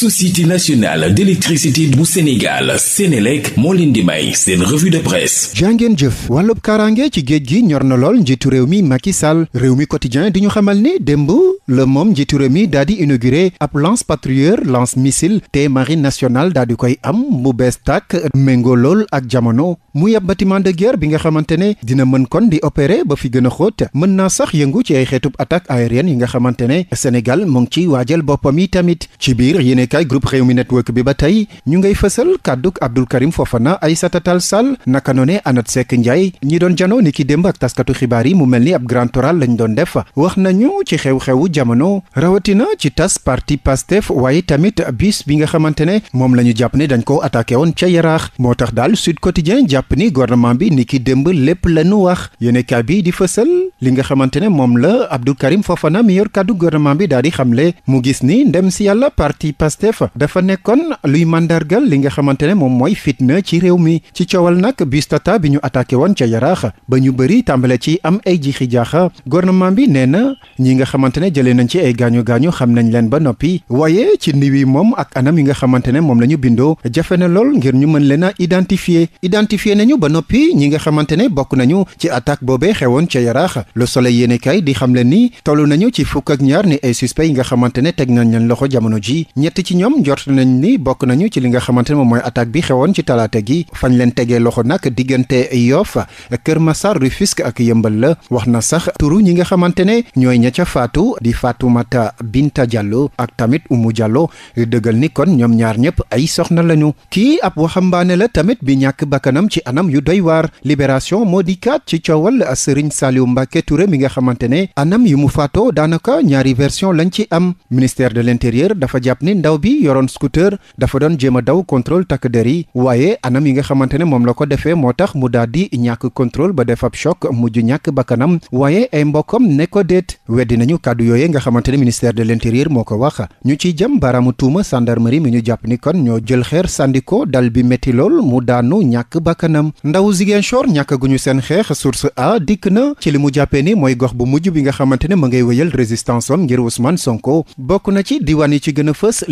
société nationale d'électricité bu Sénégal Sénélec moo leen di may seen revue de presse jàngeen jëf wàllub kaaraange ci géej gi ñor na lool njiitu réew mi Macky Sall réew mi quotidien di ñu xamal ni démb la moom njiitu réew mi daal di inauguré ab lance patrieur lance missile te marine nationale daal di koy am mu bees tàkk méngoo lool ak jamono muy ab bâtiment de guerre bi nga xamante ne dina mën kon di opérer ba fi gën a xóot mën naa sax yëngu ci ay xeetub attaque aérienne yi nga xamante ne Sénégal mu ngi ci waajal boppam yi tamit ci biir yéene yéenekaay groupe Rewmi Network bi ba tey ñu ngay fësal kàdduk Abdou Karim Fofana Aïssata Tall Sall naka noone Anat Seck Ndiaye ñi doon janoo ni ki démb ak taskatu xibaar yi mu mel ni ab grand oral lañ doon def wax nañu ci xew-xewu jamono rawatina ci tas parti Pastef waaye tamit bis bi nga xamante ne moom la ñu jàpp ne dañ ko attaqué woon ca yaraax moo tax daal Sud Quotidien jàpp ni gouvernement bi ni ki démb lépp la ñu wax yéenekaay bi di fësal li nga xamante ne moom la Abdou Karim Fofana mi yor kàddu gouvernement bi daal di xamle Pastef dafa nekkoon luy màndargal li nga xamante ne moom mooy fitna ci réew mi ci coowal nag bis tata bi ñu attaqué woon ca yaraax ba ñu bëri tàmbale ci am ay jixi jaaxa gouvernement bi nee na ñi nga xamante ne jëlee nañ ci ay gaañu gaañu xam nañ leen ba noppi waaye ci ndiw yi moom ak anam yi nga xamante ne moom la ñu bindoo jafe na lool ngir ñu mën leen a identifier identifier nañu ba noppi ñi nga xamante ne bokk nañu ci attaque boobee xewoon ca yaraax le soleil yéene kay di xam leen ni toll nañu ci fukk ak ñaar ni ay suspect yi nga xamante ne teg nañ leen loxo jamono ji ci ñoom njort nañ ni bokk nañu ci li nga xamante ne moom mooy attaque bi xewoon ci talaata gi fañ leen tegee loxo nag diggante Yoff Kër ma Massar Rufisque ak Yëmbal la wax na sax turu ñi nga xamante ne ñooy ña ca faatu di Fatoumata Binta Diallo ak tamit Oumou Diallo dëggal ni kon ñoom ñaar ñëpp ay soxna lañu kii ab waxambaane la tamit bi ñàkk bakkanam ci anam yu doy waar libération moo di kaat ci coowal Serigne Saliou Mbacké Touré mi nga xamante ne anam yu mu faatoo daanaka ñaari version lañ ci am ministère de l'intérieur dafa jàpp ni bi yoroon scooter dafa doon jéem a daw contrôle takk der yi waaye anam yi nga xamante ne moom la ko defee moo tax mu daal di ñàkk contrôle ba def ab choc mujj ñàkk bakkanam waaye ay mbokkam ne ko déet weddi nañu kàddu yooye nga xamante ne ministère de l'intérieur moo ko wax ñu ciy jëm baaraamu tuuma gendarmerie mi ñu jàpp ni kon ñoo jël xeer sànni ko dal bi métti lool mu daanu ñàkk bakkanam ndaw Ziguinchor ñàkk guñu seen xeex source a dikk na ci li mu jàppee ni mooy gox bu mujj bi nga xamante ne ma ngay wéyal résistance am ngir Ousmane Sonko bokk na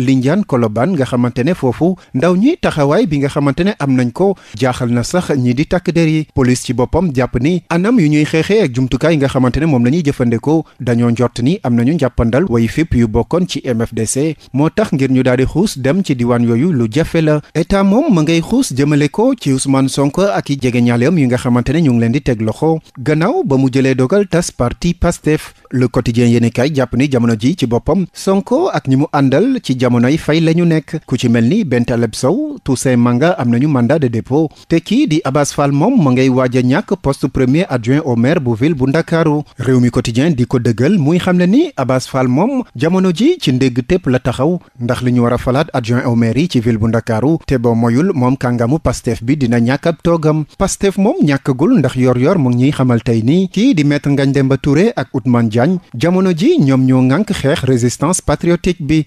Lindiane Colobane nga xamante ne foofu ndaw ñi taxawaay bi nga xamante ne am nañ ko jaaxal na sax ñi di takk der yi police ci boppam jàpp ni anam yu ñuy xeexee ak jumtukaay yi nga xamante ne moom la ñuy jëfandikoo dañoo njort ni am nañu njàppandal way fépp yu bokkoon ci MFDC moo tax ngir ñu daal di xuus dem ci diwaan yooyu lu jafe la état moom ma ngay xuus jëmale ko ci Ousmane Sonko ak yi jege ñaaleem yi nga xamante ne ñu ngi leen di teg loxo gannaaw ba mu jëlee dogal tas parti Pastef le quotidien yéeni jàpp ni ji ci boppam jamonoy fay la ñu nekk ku ci mel ni Bentaleb Sow Toussaint Manga am nañu mandat de dépôt te kii di Abass Fall moom ma ngay waaj a ñàkk poste premier adjoint au maire bu ville bu Ndakaaru réew mi quotidien di ko dëggal muy xam ne ni Abass Fall moom jamono ji ci ndég tépp la taxaw ndax li ñu war a falaat adjoint au maire yi ci ville bu Ndakaaru te boo moyul moom kàngamu Pastef bi dina ñàkk ab toogam Pastef moom ñàkkagul ndax yor-yor mu ngi ñuy xamal tey nii kii di maître Ngagne Demba Touré ak Ousmane Diagne jamono ji ñoom ñoo ŋànk xeex résistance patriotique bi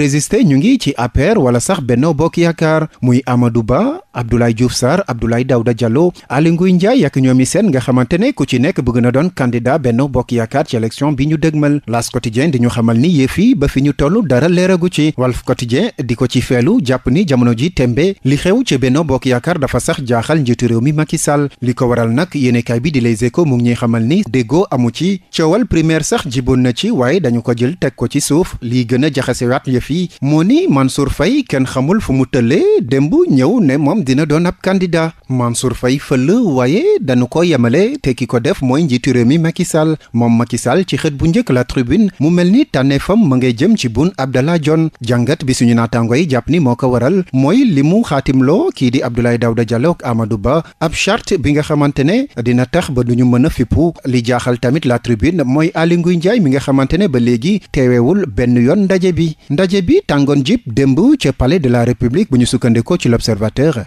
résister ñu ngi ci APR wala sax Benno Bokk Yaakaar muy Amadou Ba Abdoulaye Diouf Sarr Abdoulaye Daouda Diallo Aly Ngouille Ndiaye ak ñoomi seen nga xamante ne ku ci nekk bëgg na doon candidat Benno Bokk Yaakaar ci élection bi ñu dëgmal L'As Quotidien di ñu xamal ni yëf yi ba fi ñu toll dara leeragu ci Walf Quotidien di ko ci feelu jàpp ni jamono ji tembe li xew ci Benno Bokk Yaakaar dafa sax jaaxal njiitu réew mi Macky Sall li ko waral nag yéenekaay bi di Les Échos mu ngi ñuy xamal ni déggoo amu ci coowal primaire sax jiboon na ci waaye dañu ko jël teg ko ci suuf lii gën a fii moo ni Mansour fay kenn xamul fu mu tëllee démb ñëw ne moom dina doon ab candidat Mansour fay fëll waaye dañu ko yemale te ki ko def mooy njiitu réew mi Macky Sall moom Macky Sall ci xët bu njëkk la tribune mu mel ni tànneefam ma ngay jëm ci Boun Abdallah Dionne jàngat bi suñu naataango yi jàpp ni moo ko waral mooy limu mu xaatimloo kii di Abdoulaye Daouda Diallo ak Amadou Ba ab charte bi nga xamante ne dina tax ba du ñu mën a fippu li jaaxal tamit la tribune mooy Aly Ngouille Ndiaye mi nga xamante ne ba léegi teeweewul benn yoon ndaje bi ndaje bi tàngoon jip démb ca palais de la république bu ñu sukkandikoo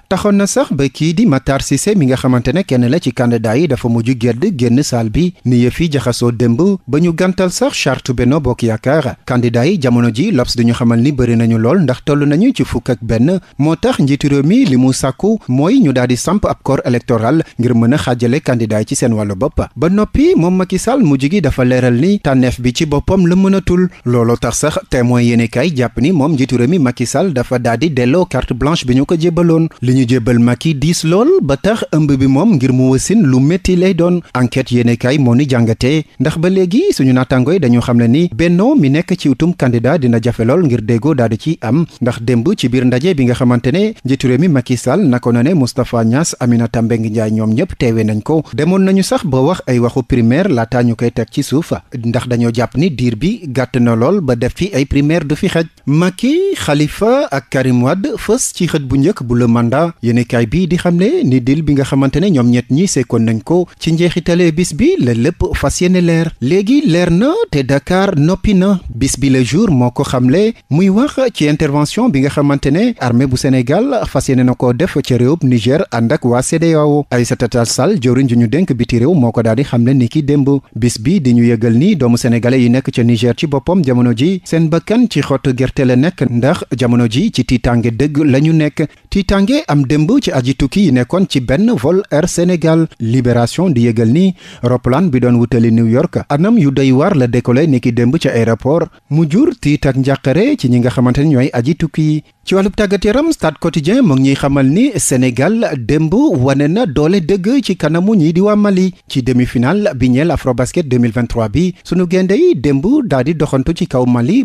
taxoon na sax ba kii di Matar Cissé mi nga xamante ne kenn la ci candidat yi dafa mujj gedd génn saal bi ni yëf yi jaxasoo démb ba ñu gàntal sax charte Benno Bokk Yaakaar kandidaa yi jamono ji L'Obs dañu xamal ni bëri nañu lool ndax toll nañu ci fukk ak benn moo tax njiitu réew mi li mu sàkku mooy ñu daal di samp ab kor électoral ngir mën a xaajale candidat yi ci seen wàllu boppa ba noppi moom Macky Sall mujj gi dafa leeral ni tànneef bi ci boppam la mënatul looloo tax sax jàpp ni moom njiitu réew mi Macky Sall bi ñu ko jébbaloon li ñu jébbal Macky diis lool ba tax ëmb bi moom ngir mu moo ni jàngatee ndax ba léegi suñu naataango yi dañu xam ne ni bennoo mi nekk ci utum candidat dina jafe lool ngir déggoo daal di ci am ndax démb ci biir ndaje bi nga xamante ne njiitu réew mi Macky Sall nako na ne Moustapha Niass Aminata Mbengue Ndiaye ñoom ñëpp teewee nañ ko demoon nañu sax ba wax ay waxu primaire laataa ñu koy teg ci suufa ndax dañoo jàpp ni diir bi gàtt na lool ba def fi ay primaire du fi xej Macky xalifa ak Karim Wade fës ci xët bu njëkk bu le mandat yéenekaay bi di xam ne ni dil bi nga xamante ne ñoom ñett ñi sekkoon nañ ko ci njeexitale bis bi la lépp fas yéene leer léegi leer na te Dakar noppi na bis bi la jour moo ko xamle muy wax ci intervention bi nga xamante ne armée bu Sénégal fas yéene na ko def ca réew Niger ànd ak waa CEDEAO Aïssata Tall Sall jëwriñ ju ñu dénk biti réew moo ko daal di xamle ni ki démb bis bi di ñu yëgal ni doomu sénégalais yi nekk ca ci boppam jamono ji gerte la nekk ndax jamono ji ci tiitange dëgg la ñu nekk tiitange am démb ci aji tukki yi nekkoon ci benn vol Air Sénégal Libération di yëgal ni roplaan bi doon wutali New York anam yu doy war la décollé niki démb ci aéroport mu jur tiit ak njàqare ci ñi nga xamante ni ñooy aji tukki yi ci wàllub tàggat yaram stade quotidien mu ngi ñuy xamal ni Sénégal démb wane na doole dëgg ci kanamu ñii di waa Mali ci demi-finale bi ñeel Afrobasket 2023 bi sunu gaynde yi démb daal di doxantu ci kaw Mali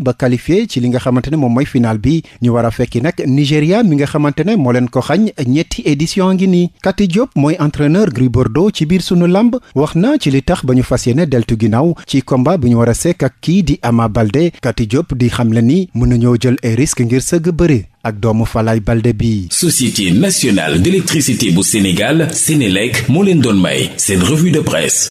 nga xamante ne moom mooy final bi ñu war a fekki nag Nigéria mi nga xamante ne moo leen ko xañ ñetti édition ngi nii Kati Diop mooy entraîneur Gris Bordeaux ci biir sunu làmb wax naa ci li tax ba ñu fas yéene deltu ginnaaw ci combat bi ñu war a sekk ak kii di Ama Balde Kati Diop di xam le ni mën nañoo jël ay risque ngir sëgg bëre ak doomu Falaay Balde bi Société nationale d'électricité bu Sénégal Sénélec moo leen doon may seen revue de presse